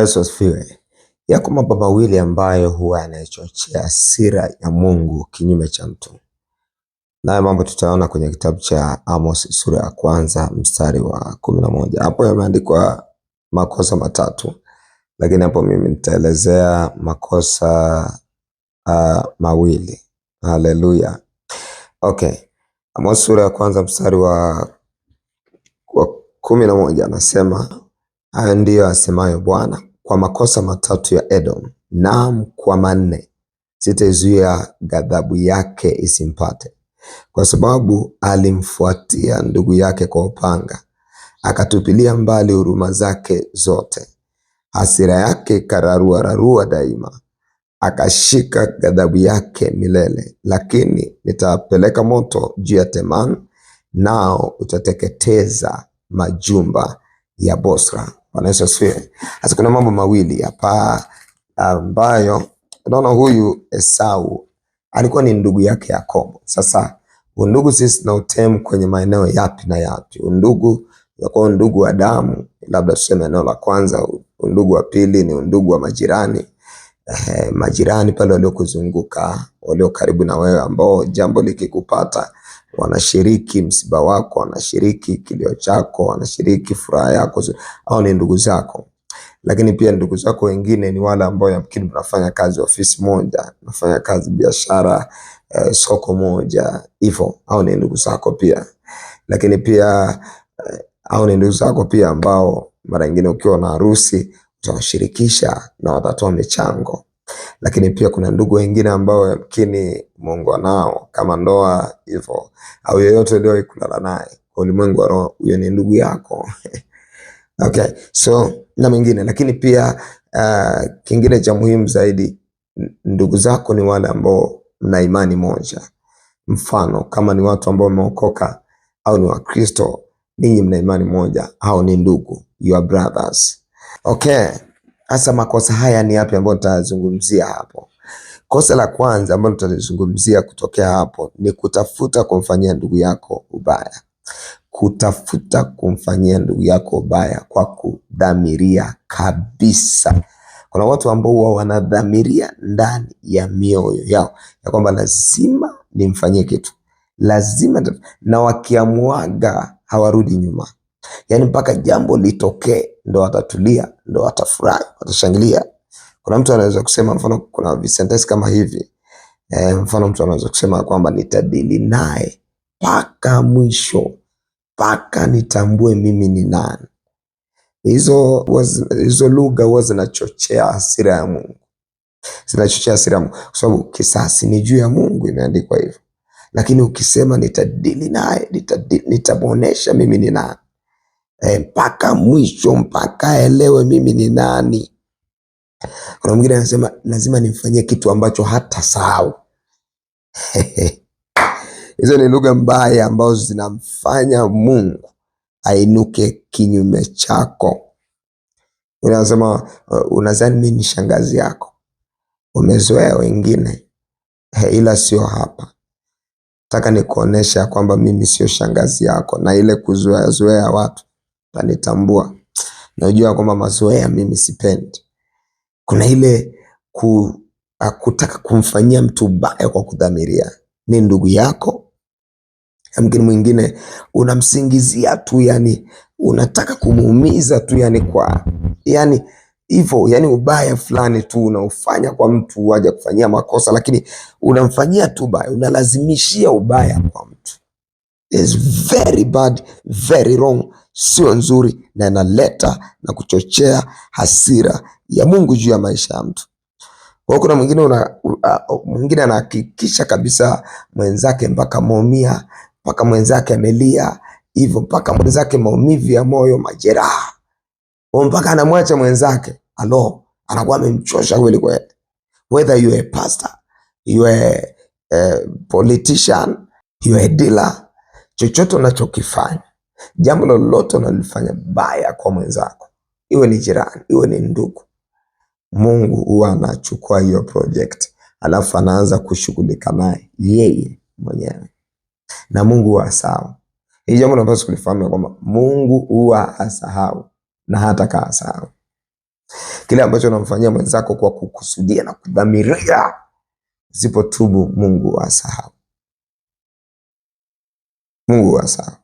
Yesu asifiwe. Yako mambo mawili ambayo huwa yanachochea hasira ya Mungu kinyume cha mtu, nayo mambo tutaona kwenye kitabu cha Amos sura ya kwanza mstari wa kumi na moja. Hapo yameandikwa makosa matatu, lakini hapo mimi nitaelezea makosa uh, mawili. Haleluya, okay. Amos sura ya kwanza mstari wa, kumi na moja anasema hayo ndiyo asemayo Bwana kwa makosa matatu ya Edom, naam kwa manne, sitaizuia ghadhabu yake isimpate, kwa sababu alimfuatia ndugu yake kwa upanga, akatupilia mbali huruma zake zote. Hasira yake kararua rarua daima, akashika ghadhabu yake milele. Lakini nitapeleka moto juu ya Teman, nao utateketeza majumba ya Bosra. Bwana Yesu asifiwe. Sasa kuna mambo mawili hapa ambayo unaona huyu Esau alikuwa ni ndugu yake Yakobo. Sasa undugu sisi na utem kwenye maeneo yapi na yapi? Undugu kwa undugu wa damu, labda tuseme eneo la kwanza. Undugu wa pili ni undugu wa majirani eh, majirani pale waliokuzunguka, walio karibu na wewe, ambao jambo likikupata wanashiriki msiba wako, wanashiriki kilio chako, wanashiriki furaha yako, au ni ndugu zako. Lakini pia ndugu zako wengine ni wale ambao yamkini mnafanya kazi ofisi moja, mnafanya kazi biashara, eh, soko moja hivyo, au ni ndugu zako pia. Lakini pia eh, au ni ndugu zako pia ambao mara nyingine ukiwa na harusi utawashirikisha na watatoa michango lakini pia kuna ndugu wengine ambao yamkini Mungu anao kama ndoa hivyo au yeyote ndio kulala naye kwa ulimwengu wa roho, huyo ni ndugu yako okay. So na mwingine, lakini pia uh, kingine cha muhimu zaidi, ndugu zako ni wale ambao mna imani moja. Mfano kama ni watu ambao wameokoka au ni Wakristo, ninyi mna imani moja, hao ni ndugu, your brothers okay. Hasa makosa haya ni yapi ambayo tutazungumzia hapo? Kosa la kwanza ambalo tutalizungumzia kutokea hapo ni kutafuta kumfanyia ndugu yako ubaya, kutafuta kumfanyia ndugu yako ubaya kwa kudhamiria kabisa. Kuna watu ambao huwa wanadhamiria ndani ya mioyo yao ya kwamba lazima nimfanyie kitu, lazima, na wakiamuaga hawarudi nyuma. Yaani mpaka jambo litokee ndo watatulia, ndo watafurahi, watashangilia. Kuna mtu anaweza kusema mfano, kuna visentensi kama hivi e, mfano mtu anaweza kusema kwamba nitadili naye mpaka mwisho, mpaka nitambue mimi ni nani. Hizo hizo lugha huwa zinachochea hasira ya Mungu, zinachochea hasira ya Mungu kwa sababu kisasi ni juu ya Mungu, imeandikwa hivyo. Lakini ukisema nitadili naye, nitamwonyesha mimi ni nani Eh, mpaka e, mwisho mpaka aelewe mimi ni nani. Kuna mwingine anasema lazima nimfanyie kitu ambacho hata sahau. Hizo ni lugha mbaya ambazo zinamfanya Mungu ainuke kinyume chako. Unasema uh, unadhani mimi ni shangazi yako, umezoea wengine he, eh, ila sio hapa. Nataka nikuonesha kwamba mimi sio shangazi yako, na ile zoea watu anitambua Najua kwamba mazoea mimi sipendi. Kuna ile ku, ah, kutaka kumfanyia mtu ubaya kwa kudhamiria. Ni ndugu yako, amkini mwingine unamsingizia tu, yani unataka kumuumiza tu, yani kwa yani hivyo yani ubaya fulani tu unaofanya kwa mtu aje kufanyia makosa, lakini unamfanyia tu ubaya, unalazimishia ubaya kwa mtu. It's very bad, very wrong sio nzuri na inaleta na kuchochea hasira ya Mungu juu ya maisha ya mtu. Kwa hiyo kuna mwingine una, uh, mwingine anahakikisha kabisa mwenzake mpaka maumia, mpaka mwenzake amelia hivyo, mpaka mwenzake maumivu ya moyo, majeraha, mpaka anamwacha mwenzake. Alo, anakuwa amemchosha kweli kweli. Whether you are a pastor, you are a politician, you are a dealer, chochote unachokifanya Jambo lolote unalifanya baya kwa mwenzako, iwe ni jirani, iwe ni ndugu, Mungu huwa anachukua hiyo project alafu anaanza kushughulika naye yeye mwenyewe, na Mungu huwa sawa. hii jambo. Napaswa kulifahamu kwamba Mungu huwa asahau na hata kaa sawa kile ambacho unamfanyia mwenzako kwa kukusudia na kudhamiria. Usipotubu Mungu asahau, Mungu asahau.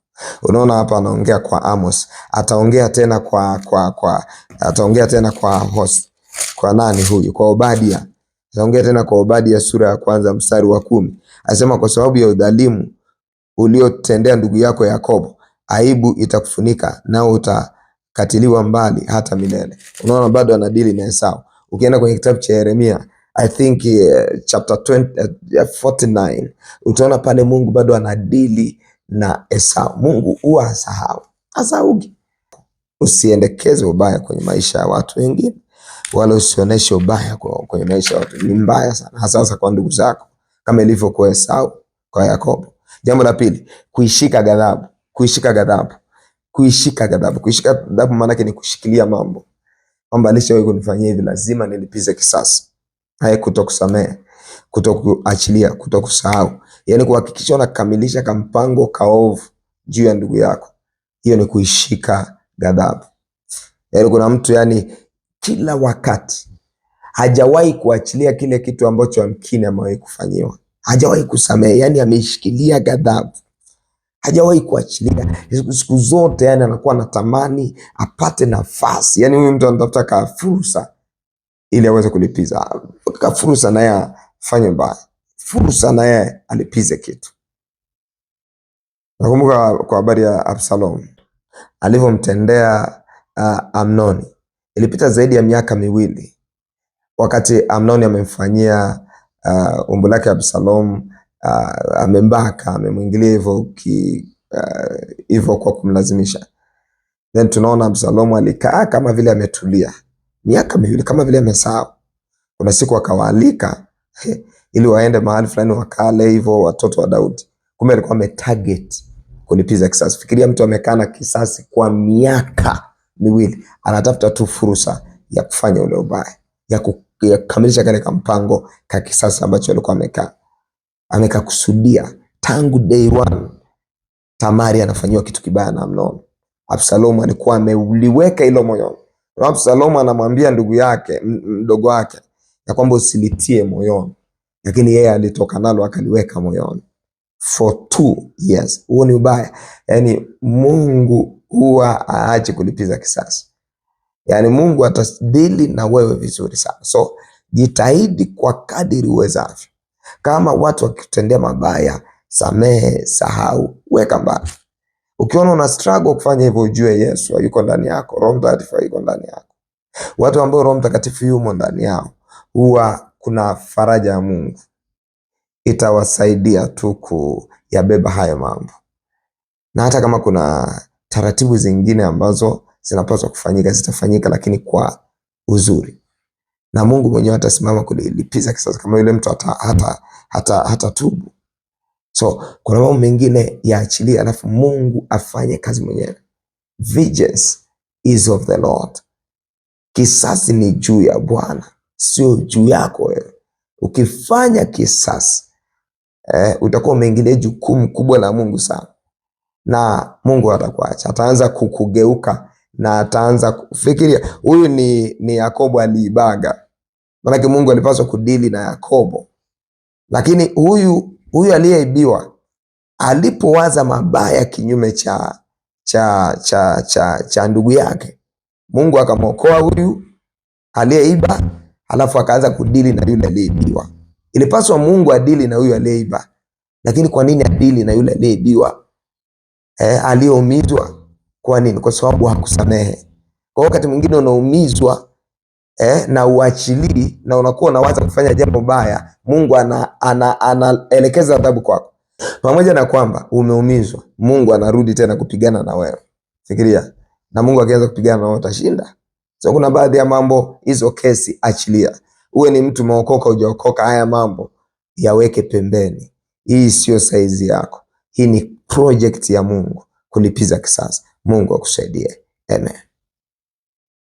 Unaona hapa anaongea kwa Amos, ataongea tena kwa, kwa, kwa, ataongea tena kwa host, kwa nani huyu, kwa Obadia, ataongea tena kwa Obadia sura ya kwanza mstari wa kumi Anasema kwa sababu ya udhalimu uliotendea ndugu yako Yakobo, aibu itakufunika nao utakatiliwa mbali hata milele. Unaona, bado anadili na Esau. Ukienda kwenye kitabu cha Yeremia I think uh, chapter 20, uh, 49 utaona pale Mungu bado anadili na Esau. Mungu huwa hasahau, hasauki. Usiendekeze ubaya kwenye maisha ya watu wengine, wala usioneshe ubaya kwenye maisha ya watu. Ni mbaya sana, hasa hasa kwa ndugu zako, kama ilivyo kwa Esau kwa Yakobo. Jambo la pili, kuishika ghadhabu, kuishika ghadhabu, kuishika ghadhabu. Kuishika ghadhabu maana yake ni kushikilia mambo kwamba alishawahi kunifanyia hivi, lazima nilipize kisasi. Haikutokusamea kutokuachilia, kutokusahau, yani kuhakikisha unakamilisha kampango kaovu juu ya ndugu yako. Hiyo ni kuishika ghadhabu. Yani kuna mtu yani kila wakati hajawahi kuachilia kile kitu ambacho amkini amewahi kufanyiwa, hajawahi kusamehe, yani ameishikilia ghadhabu, hajawahi kuachilia. Siku zote yani anakuwa anatamani apate nafasi, yani huyu mtu anatafuta kafursa ili aweze kulipiza, kafursa, naye fanye mbaya, fursa na yeye alipize kitu. Nakumbuka kwa habari ya Absalom alivyomtendea uh, Amnoni. Ilipita zaidi ya miaka miwili wakati Amnoni amemfanyia uh, umbo lake Absalom uh, amembaka amemwingilia hivyo hivyo uh, kwa kumlazimisha. Then tunaona absalom alikaa kama vile ametulia miaka miwili, kama vile amesahau. Kuna siku akawaalika ili waende mahali fulani wakale hivyo watoto wa Daudi. Kumbe alikuwa ametarget kulipiza kisasi. Fikiria mtu amekaa na kisasi kwa miaka miwili, anatafuta tu fursa ya kufanya ule ubaya, ya kukamilisha kile kampango ka kisasi ambacho alikuwa amekaa amekakusudia tangu day one. Tamari anafanyiwa kitu kibaya na Amnon. Absalomu alikuwa ameuliweka hilo moyoni. Absalomu anamwambia ndugu yake mdogo wake ya kwamba usilitie moyoni, lakini yeye alitoka nalo akaliweka moyoni for two years. Huo ni ubaya, Yani Mungu huwa aache kulipiza kisasi, yani Mungu atadili na wewe vizuri sana. So jitahidi kwa kadiri uwezavyo. Kama watu wakikutendea mabaya, samehe, sahau, weka mbali. Ukiona una struggle kufanya hivyo, ujue Yesu yuko ndani yako, Roho Mtakatifu yuko ndani yako, watu ambao Roho Mtakatifu yumo ndani yao huwa kuna faraja ya Mungu itawasaidia tu kuyabeba hayo mambo, na hata kama kuna taratibu zingine ambazo zinapaswa kufanyika zitafanyika, lakini kwa uzuri, na Mungu mwenyewe atasimama kulilipiza kisasi kama yule mtu hata, hata, hata, hata tubu. So kuna mambo mengine yaachilie alafu Mungu afanye kazi mwenyewe. Vengeance is of the Lord, kisasi ni juu ya Bwana sio juu yako wewe. Ukifanya kisasi eh, utakuwa umeingilia jukumu kubwa la Mungu sana, na Mungu atakuacha, ataanza kukugeuka na ataanza kufikiria huyu ni, ni Yakobo aliibaga. Maanake Mungu alipaswa kudili na Yakobo, lakini huyu huyu aliyeibiwa alipowaza mabaya kinyume cha cha cha cha, cha ndugu yake, Mungu akamwokoa huyu aliyeiba alafu akaanza kudili na yule aliyeibiwa. Ilipaswa Mungu adili na huyu aliyeiba, lakini kwa nini adili na yule aliyeibiwa eh, aliyeumizwa? Kwa nini? Kwa sababu hakusamehe. Kwa wakati mwingine unaumizwa eh, na uachilii na unakuwa unawaza kufanya jambo baya, Mungu anaelekeza ana, ana adhabu kwako, pamoja na kwamba umeumizwa. Mungu anarudi tena kupigana na wewe, fikiria. Na Mungu akianza kupigana na wewe utashinda. So kuna baadhi ya mambo hizo kesi achilia. Uwe ni mtu umeokoka ujaokoka haya mambo yaweke pembeni. Hii siyo saizi yako. Hii ni project ya Mungu kulipiza kisasi. Mungu akusaidie. Amen.